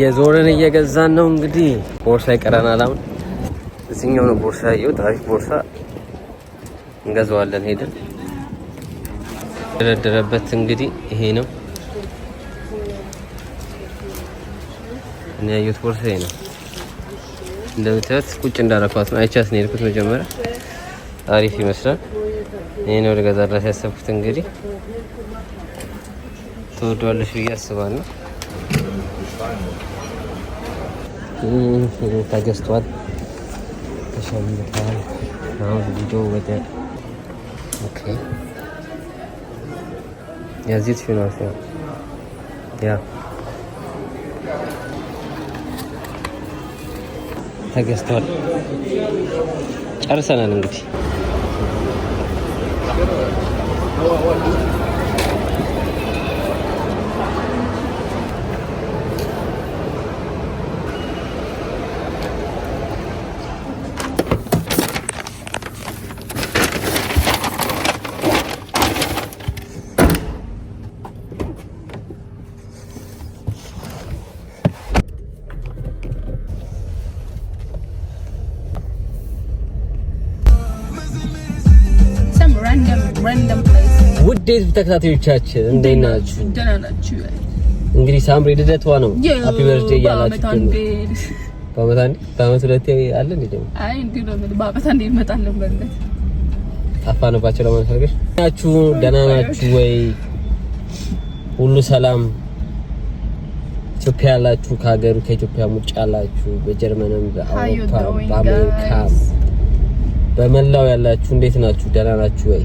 የዞርን እየገዛን ነው እንግዲህ። ቦርሳ ይቀረናል። አሁን እዚህኛው ነው ቦርሳ ያየሁት። አሪፍ ቦርሳ እንገዛዋለን ሄደን። ደረደረበት እንግዲህ ይሄ ነው። እኔ ያየሁት ቦርሳ ይሄ ነው። እንደምታዩት ቁጭ እንዳረኳት ነው። አይቻት ነው የሄድኩት መጀመሪያ። አሪፍ ይመስላል። ይሄ ነው ልገዛላት ያሰብኩት እንግዲህ። ትወዷለሽ ብዬ አስባለሁ። ተገዝቷል፣ ተሸምቷል። አሁን ቪዲዮ ወደ ኦኬ የዚህ ያ ተገዝቷል። ጨርሰናል እንግዲህ ውዴት ተከታታዮቻችን እንዴት ናችሁ? ደህና ናችሁ? እንግዲህ ሳምሪ ልደቷ ነው። ሃፒ በርዝዴ እያላችሁ በዓመት አንዴ በዓመት ሁለቴ አለ እንዴ አይ እንዴ ነው በዓመት አንዴ ይመጣል ማለት አፋንባቸው ለማንፈገሽ ናችሁ። ደህና ናችሁ ወይ? ሁሉ ሰላም ኢትዮጵያ ያላችሁ ከሀገሩ ከኢትዮጵያ ውጭ ያላችሁ በጀርመንም በአውሮፓ በአሜሪካ በመላው ያላችሁ እንዴት ናችሁ? ደህና ናችሁ ወይ?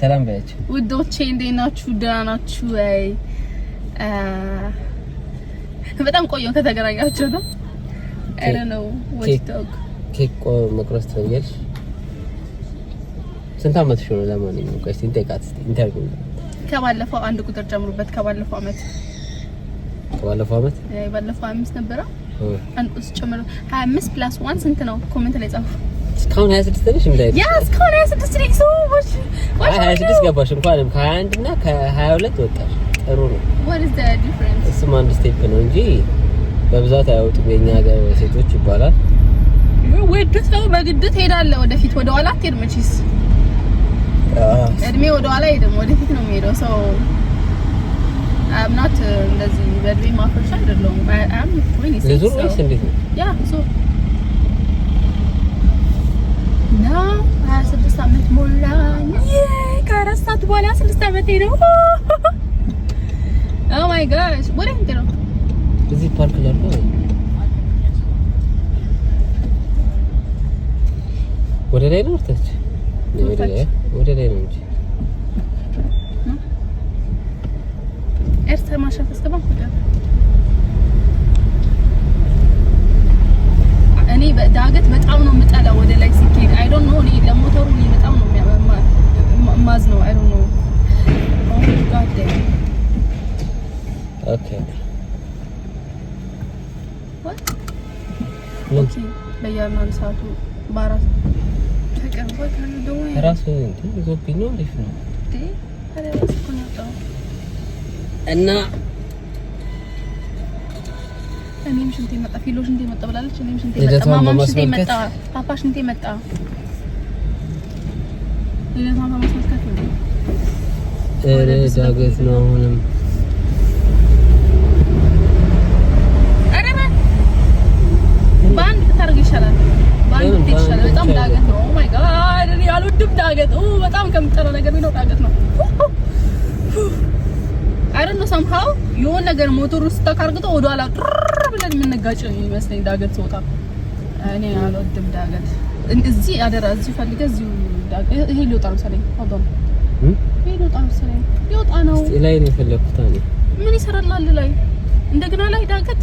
ሰላም በያቸው ውዶቼ፣ እንዴት ናችሁ? ደህና ናችሁ ወይ? በጣም ቆየሁ ከተገናኛችሁ ነው። አይ ነው ኬክ መቁረስ ትፈልጊያለሽ? ስንት አመትሽ ነው? ለማንኛውም ቆይ እስኪ እንጠይቃት። ኢንተርቪው ከባለፈው አንድ ቁጥር ጨምሩበት። ከባለፈው አመት ከባለፈው አመት አይ ባለፈው አምስት ነበረ። አንድ ቁጥር ጨምሩ። 25 ፕላስ 1 ስንት ነው? ኮሜንት ላይ ጻፉ። እስካሁን 26 ነሽ እንዴ? ያ እስካሁን 26 ነኝ ሰው 26 ገባሽ እንኳንም ከ21 እና ከ22 ወጣሽ። ጥሩ ነው። እሱም አንድ ስቴፕ ነው እንጂ በብዛት አያወጡም የኛ ሀገር ሴቶች ይባላል። ወድ ሰው በግድ ትሄዳለህ ወደፊት፣ ወደ ኋላ አትሄድ መቼስ። እድሜ ወደ ኋላ አይሄድም ወደፊት ነው የሚሄደው ሰው። አምናት uh, እንደዚህ በእድሜ ማፈርሻ አይደለሁም። አም ኮይን ይሰጥ ነው ወይስ እንዴት ነው? ያ ሶ ና 26 ዓመት ሞላኝ። ከአራት ሰዓት በኋላ ስድስት ዓመቴ ነው። ኦ ማይ ጋድ ወዴት ነው? እዚህ ፓርክ ላይ ወደ ላይ ነው ወርታች ወደ ላይ ነው እንጂ ኤርትራ ማሻፍ እስከባኩ እኔ ዳገት በጣም ነው የምጠላው ወደ ላይ ሲኬድ አይ ዶንት ኖ እኔ ለሞተሩ እኔ በጣም ነው የሚያመማው Masno, I don't know. Oh my god damn. Okay. What? No. Okay. بيان انساتو بارا فكر what are you doing? راسه انت زوبي نو ليف نو. تي هذا راسه كنا እና እኔም ሽንቴ መጣ፣ ፊሎ ሽንቴ መጣ ብላለች። እኔም ሽንቴ መጣ፣ ማማም ሽንቴ መጣ፣ ፓፓ ሽንቴ መጣ። ልደቷን በማስመልከት ኧረ ዳገት ነው አሁንም ነገር ቢኖር ዳገት ነው። አይደል ነው ሰምሃው የሆነ ነገር ሞተሩ ስተካርግቶ ወደኋላ ጥር ብለን የምንጋጭ ይመስለኝ ዳገት ስወጣ እኔ አልወድም ዳገት። እዚህ አደራ እዚህ ፈልገህ እዚሁ ዳገት ይሄ ሊወጣ ነው ሰለኝ ይወጣ መሰለኝ። ይወጣ ነው ላይ ነው የፈለኩት። ምን ይሰራላል ላይ እንደገና ላይ ዳገት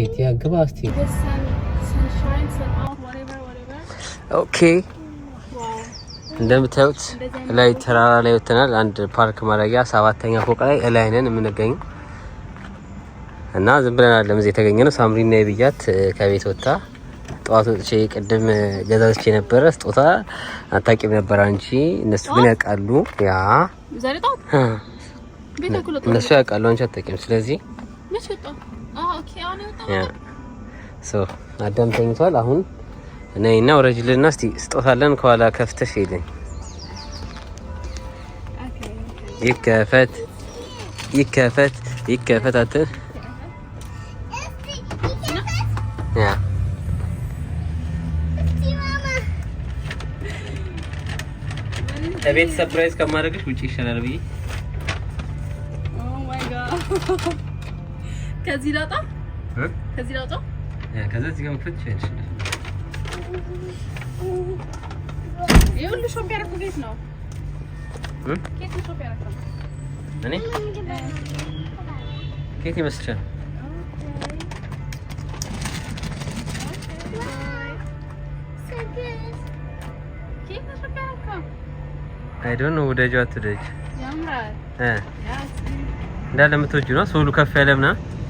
ቤት ያ እስቲ። ኦኬ እንደምታዩት ላይ ተራራ ላይ ወተናል። አንድ ፓርክ ማድረጊያ ሰባተኛ ፎቅ ላይ እላይ ነን የምንገኘው እና ዝም ብለን አለም እዚህ የተገኘ ነው። ሳምሪና የብያት ከቤት ወጣ ጠዋት ወጥቼ ቅድም ገዛዝቼ የነበረ ስጦታ አታቂም ነበር አንቺ። እነሱ ግን ያውቃሉ፣ ያ እነሱ ያውቃሉ፣ አንቺ አታቂም። ስለዚህ አዳም ተኝቷል። አሁን ነይና ውረጅልና እስቲ ስጦታለን ከኋላ ከፍተሽ ሄደኝ ይከፈት ይከፈት ይከፈት አትል ከቤት ሰፕራይዝ ከማድረግሽ ውጭ ይሻላል ብዬ ከዚህ ላጣ ከዚህ ላውጣ ከዛ እዚህ ጋር መክፈት ይችላል። ይኸውልሽ ሾፒ ያደረኩት ጌት ነው። ኬት ነው ሾፒ ያደረኩት እኔ ኬት ይመስልሻል? አይ ዶንት ኖ ወደ ጃት ያምራል እ እንዳለ የምትወጂው ነው ሶሉ ከፍ ያለ ምናምን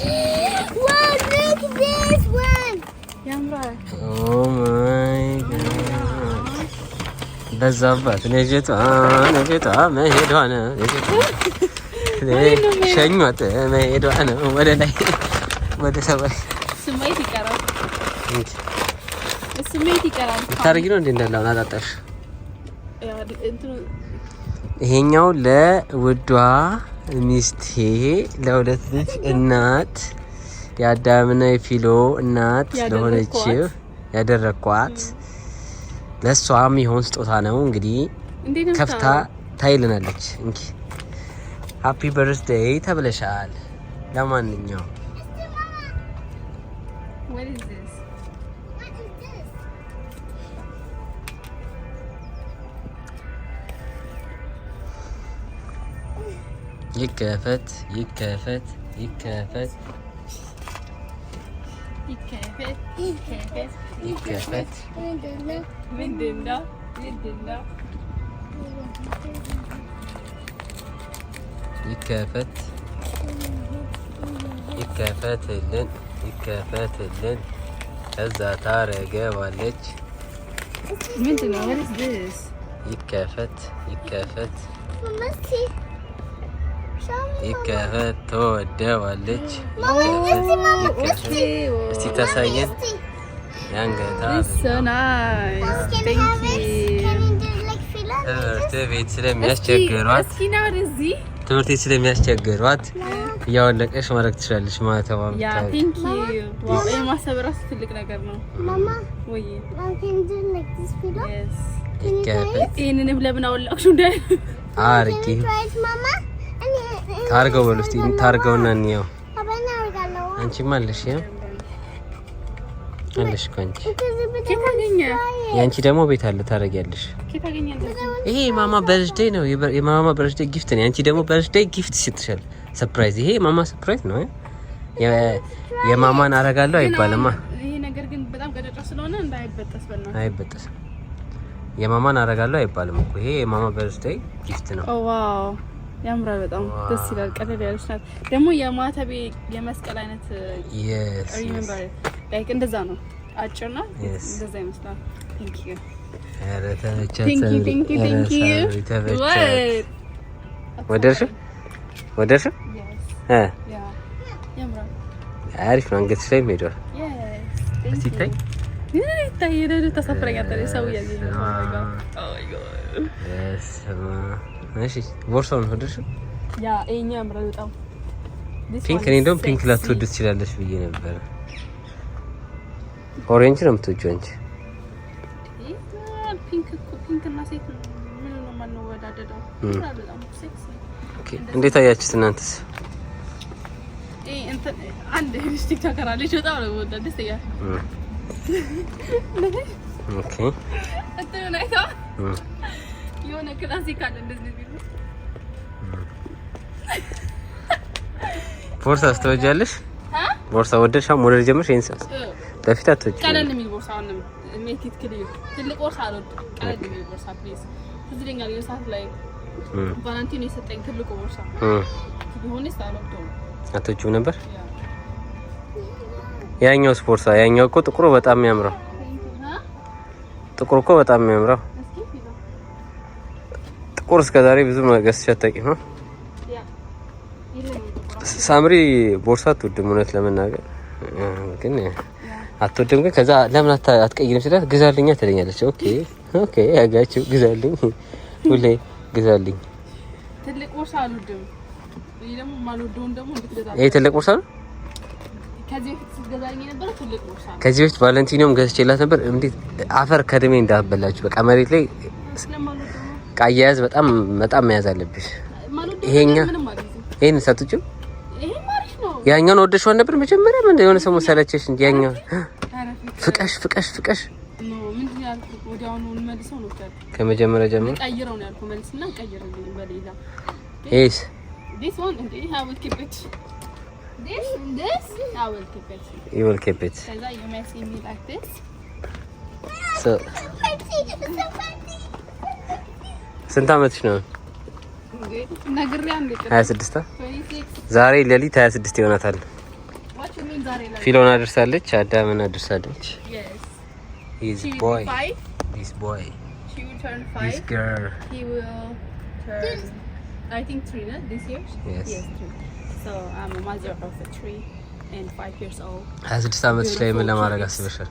Oh በዛባት ነጀቷ ነጀቷ መሄዷ ነው። ሸኟት መሄዷ ነው። ወደ ላይ ወደ ሰማይ ስሜት ይቀራል። ስሜት ይቀራል። ታርጊ ነው እንዴ እንዳላውን አጣጣሽ ይሄኛው ለውዷ ሚስቴ ለሁለት ልጅ እናት የአዳምና የፊሎ እናት ለሆነችው ያደረግኳት ለእሷም ይሆን ስጦታ ነው። እንግዲህ ከፍታ ታይልናለች። እንኪ ሀፒ በርስደይ ተብለሻል። ለማንኛውም يكافت يكافت يكافت يكافت يكافت يكافت من دنا من دنا يكافت يكافت اللن يكافت اللن من دنا what is this يكافت يكافت ይከፈት ተወደዋለች። እስቲ ታሳየን ያንገታ ትምህርት ቤት ስለሚያስቸግሯት ትምህርት ቤት ስለሚያስቸግሯት እያወለቀሽ ማድረግ ትችላለች ማለት ነው። ማሰብ ራሱ ትልቅ ነገር ነው። ለምን አወላቅሽ ታርገው በሉ እስቲ ታርገውና እንየው። አንቺማ አለሽ ያ አለሽ እኮ አንቺ የአንቺ ደግሞ ቤት አለ ታረጊያለሽ። ይሄ የማማ በርዝዴ ነው፣ የማማ በርዝዴ ጊፍት ነው። የአንቺ ደግሞ በርዝዴ ጊፍት ይሰጥሻል፣ ሰርፕራይዝ። ይሄ የማማ ሰርፕራይዝ ነው። የማማን አረጋለሁ አይባልማ። ይሄ ነገር ግን በጣም ገደጫ ስለሆነ እንዳይበጠስ በእናትህ አይበጠስም። የማማን አረጋለሁ አይባልም እኮ ይሄ የማማ በርዝዴ ጊፍት ነው። ዋው ያምራል በጣም ደስ ይላል። ቀለል ያለች ናት ደግሞ የማተቤ የመስቀል አይነት ላይክ እንደዛ ነው። አጭር ናት እንደዛ ይመስላል። ቴንክ ዩ ቴንክ አሪፍ ነው። አንገትሽ ላይ ሄዷል ሲታይ ይታይ ተሳፍረኛ ሰው እያየ እሺ ቦርሳውን ወደድሽ? ያ እኛ ያምራል በጣም ፒንክ። እኔ እንደውም ፒንክ ላትወድ ትችላለሽ ብዬ ነበረ። ኦሬንጅ ነው የምትወጂው አንቺ። እንዴት አያችሁት እናንተስ? አንድ ኦኬ የሆነ ክላሲክ አለ እንደዚህ ቢሉ ቦርሳ ስትወጃለሽ? ቦርሳ ወደድሽ? ሞዴል ጀምርሽ? ይሄን ሰው በፊት አትወጂ። ቀለል የሚል ቦርሳ አሁንም ሜኪት ክሊር ትልቅ ቦርሳ አልወድም። ቀለል የሚል ቦርሳ ፕሊዝ። ትዝ ይለኛል ላይ የሰጠኝ ትልቁ ቦርሳ ቢሆንስ አልወደውም። ነበር? ያኛው እኮ ጥቁሩ በጣም የሚያምረው ጥቁሩ እኮ በጣም የሚያምረው ጥቁር እስከዛሬ ብዙ መገስ ሸጠቂ ነው። ሳምሪ ቦርሳ አትወድም እውነት ለመናገር ግን አትወድም። ግን ከዛ ለምን አትቀይርም ስላት ግዛልኛ ትለኛለች። ኦኬ ኦኬ ያጋችሁ ግዛልኝ፣ ሁሌ ግዛልኝ። ትልቅ ቦርሳ ይሄ ትልቅ ቦርሳ ነው። ከዚህ በፊት ቫለንቲኒዮም ገዝቼላት ነበር። እንዴት አፈር ከድሜ እንዳበላችሁ በቃ መሬት ላይ በቃ አያያዝ በጣም በጣም መያዝ አለብሽ። ይሄኛ ይሄን ሰጥችው ያኛውን ወደሽው ነበር መጀመሪያ። ምን የሆነ ሰሞን ሰለቸሽ እንጂ ያኛው ፍቀሽ ፍቀሽ ፍቀሽ ከመጀመሪያ ጀምሮ ይወልከበት ስንት አመትሽ ነው? ሀያ ስድስት ዛሬ ሌሊት ሀያ ስድስት ይሆናታል። ፊሎን አድርሳለች፣ አዳምን አድርሳለች። ሀያ ስድስት አመትሽ ላይ ምን ለማድረግ አስበሻል?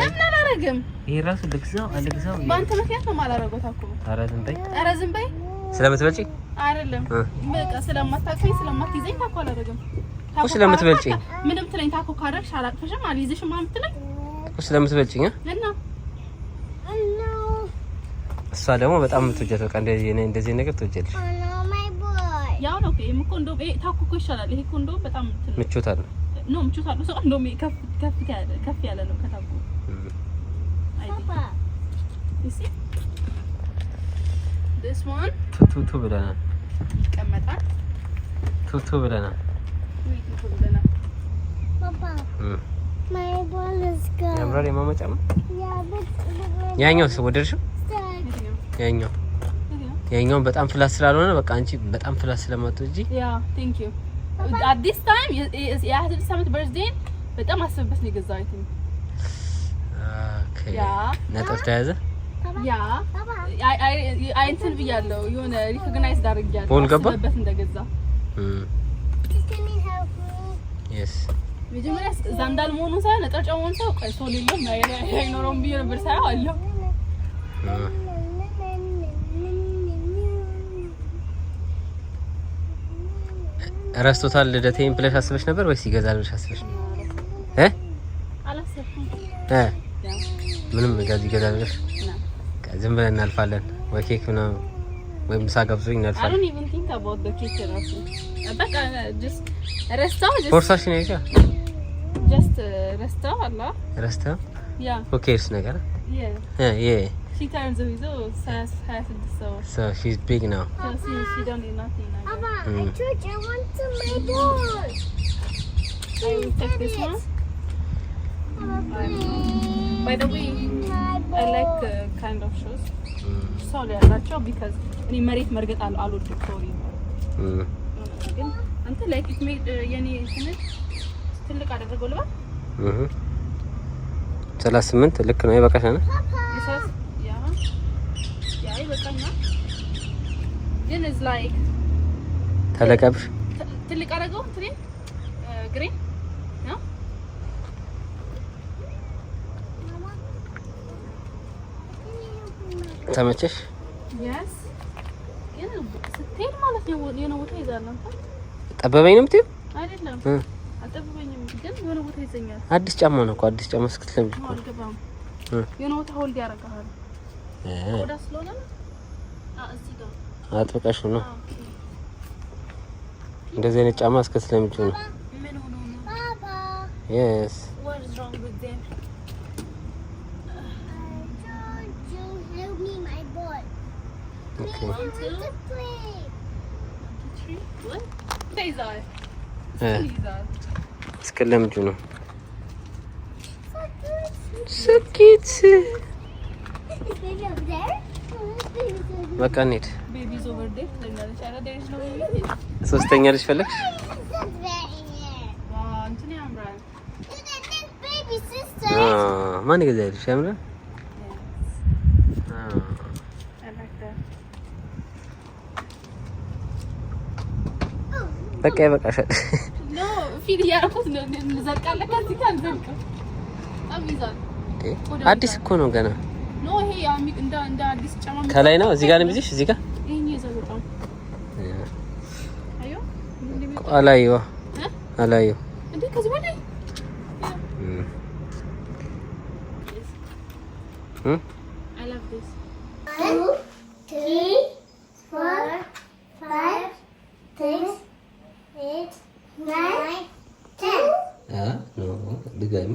ለምን አላረግም? ይሄ ራሱ ልግዛው አልግዛው በአንተ ምክንያት ነው የማላረገው። ታኮ። ኧረ ዝም በይ፣ ኧረ ዝም በይ። ስለምትበልጪ አይደለም፣ በቃ ስለማታውቂኝ ስለማትይዘኝ ታኩ አላረግም። ስለምትበልጪ ምንም ትለኝ። ታኮ ካደረግሽ አላቅፍሽም፣ አልይዝሽም አምትለኝ ታኩ ስለምትበልጪኝ እና እሷ ደግሞ በጣም በቃ እንደዚህ እንደዚህ ነገር ያው ነው እኮ እንደውም እኮ ይሻላል። ይሄ እኮ እንደውም በጣም ምቾት አለው። ነው ምቹ ታሉ ሰው እንደውም ከፍ ያለ ነው ከታቡ ቱቱ ብለናል። ይቀመጣል። ቱቱ ብለናል። ያምራል። ያኛው ሰው ወደድሽው? ያኛው ያኛውን በጣም ፍላስ ስላልሆነ በቃ አንቺ በጣም ፍላት ስለማትወጂ ያ ቴንክ ዩ አዲስ ታይም የ26 ዓመት በርዝዴን በጣም አስብበት ነው የገዛሁት። ኦኬ ነጥብ ተያዘ። ያ እንትን ብያለሁ የሆነ ሪኮግናይዝ አድርጌያለሁ። ቦል ገባ አስብበት እንደገዛ መጀመሪያ እዛ እንዳል መሆኑን ሳይሆን ነጠጫ መሆኑን ሰው ቀሶ ሌሎም አይኖረውም ብዬ ነበር ሳይሆን አለሁ ረስቶታል ልደቴን ብለሽ አስበሽ ነበር ወይስ ይገዛል ብለሽ አስበሽ ነበር? እ አላሰብኩም እ ምንም ጋዝ ይገዛል ብለሽ ዝም ብለን እናልፋለን ወይ ኬክ ምናምን ወይም ምሳ ጋብዞኝ እናልፋለን። ቦርሳሽን አይቼ ጀስት ረስታ አላ ረስታ ያ ኦኬ እርስ ነገር ያ ያ She turns a result, size the soul. So she's big now. Papa, so she, she don't need nothing. Like Papa, mm. I told you I want some medals. I will take this one. Papa, By the way, I like uh, kind of shoes. Sorry, ያላቸው because I'm married Margaret እኔ መሬት መርገጥ አልወድም። ሶሪ ግን አንተ ላይክ ኢት ሜድ የኔ ስንት ትልቅ አደረገው ልባ 38 ልክ ነው። ይበቃሻል። ተለቀብሽ ትልቅ አደረገው ግሬን ተመቸሽ? ስትሄድ ማለት ነው የሆነ ቦታ ይዛል። ጠበበኝ ነው የምትሄድ? አይደለም አልጠበበኝም፣ ግን የሆነ ቦታ ይዘኛል። አዲስ ጫማ ነው እኮ አዲስ ጫማ እስክትለብሽ የሆነ ቦታ ሆልድ ያደርግሃል። አጥብቀሽ ነው። እንደዚህ አይነት ጫማ እስከ ስለምጭ ነው። የስ እስከ ነው ስኬት በቃ እንሂድ። ሶስተኛ ልጅ ፈለግሽ? ማን ገዛልሽ? ያምራል። በቃ ይበቃሻል። አዲስ እኮ ነው ገና ከላይ ነው። እዚህ ጋር ነው እዚህ ጋር አላየዋ አላየው ድጋሚ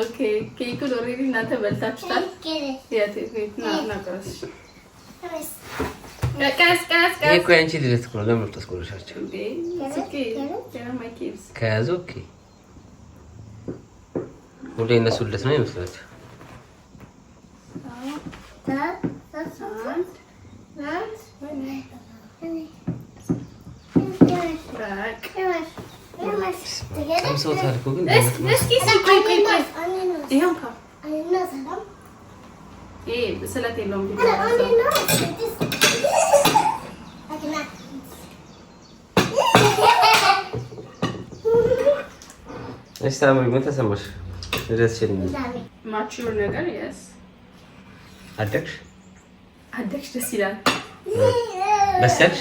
ኦኬ ኬኩን ኦልሬዲ እናንተ በልታችሁታል። የአንቺ ልደት እኮ ነው። ለምን ታስቆረሻቸው? ከያዘ ኦኬ ሁሌ እነሱ ልደት ነው ይመስላቸው። ሰምሰውታል እኮ ግን ስለት የለውም። እሺ ታምሪ ምን ተሰማሽ? ደስ አደግሽ አደግሽ ደስ ይላል። በሰልሽ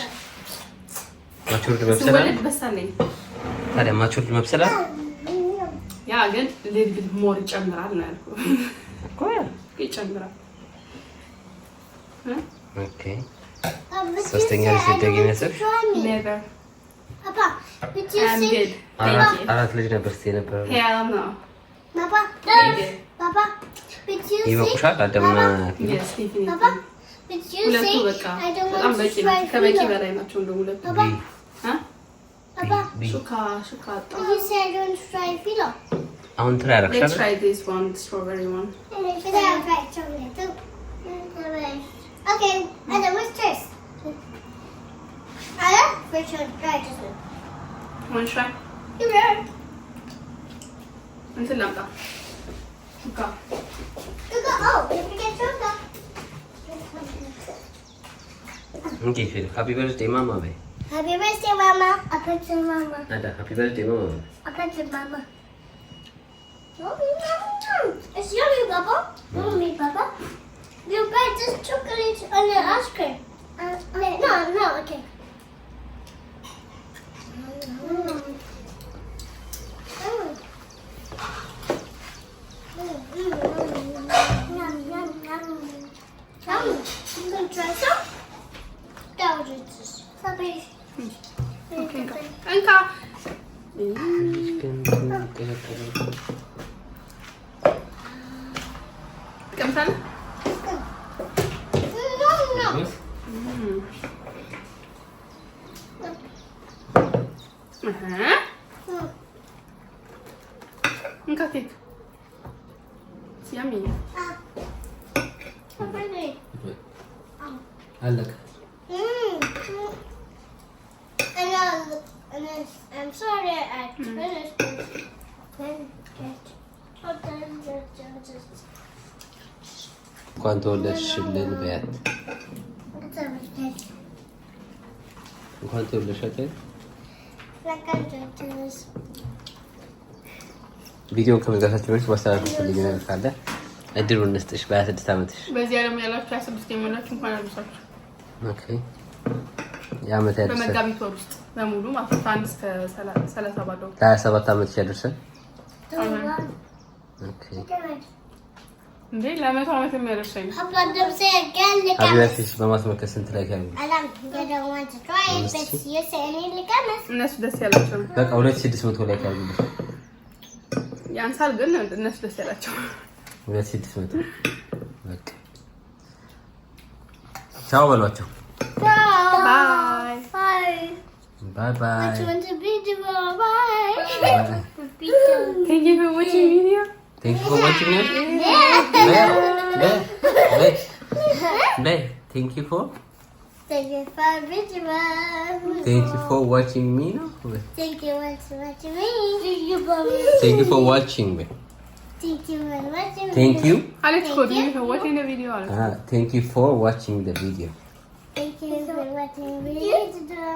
ማቹር ታዲያ ማቾል መብሰላ ያ ግን ሌሊት ሞር ይጨምራል ነው ያልኩህ ይጨምራል። ኦኬ ሶስተኛ ልጅ ደግ የሚያስብ አራት ልጅ ነበር ስ ነበር ይበቁሻል። አዳምና በቃ በጣም በቂ ከበቂ በላይ ናቸው እንደ ሁለቱ አሁን ትራ ያረግሻል። እንትን ላምጣ ሀፒ በርዝዴ ማማ በይ Happy birthday, Mama. I put to Mama. a Happy birthday, Mama! I put to Mama. Yum, yum, yum. It's yummy, Papa. Yummy, Papa. You got this chocolate on the ice cream. Uh, no, no, okay. Mm. Yes, I'm sorry I finished. Then Lokantörler şişirlerini beğendi. Lokantörler şeker. ቪዲዮ ከመዝጋታችን በፊት ልዩ ነገር ካለ እድሉን እንስጥሽ። በሀያ ስድስት ዓመትሽ በዚህ ዓለም ያላችሁ ሀያ ስድስት የሚሆናችሁ እንኳን አደረሳችሁ። የዓመት በመጋቢት ወር ውስጥ በሙሉ ማለት ነው። አንድ 37 27 ዓመት ያደርሰን እንዴ ለመቶ ዓመት የሚያደርሰኝ ስንት ላይ እነሱ ደስ ያላቸው በቃ ሁለት ስድስት መቶ ላይ ያንሳል፣ ግን እነሱ ደስ ያላቸው ሁለት ስድስት መቶ በቃ ቻው በሏቸው። Bye bye. Which one's a video? Bye. Thank you for watching video. Thank you for watching it. Bye. Bye. Bye. Thank you for. Thank you for Thank you for watching me. Thank you for watching me. Thank you for watching me. Thank you for watching me. Thank you for watching. Thank you. Alex, thank you for watching the video. Ah, thank you for watching the video. Thank you for watching the video.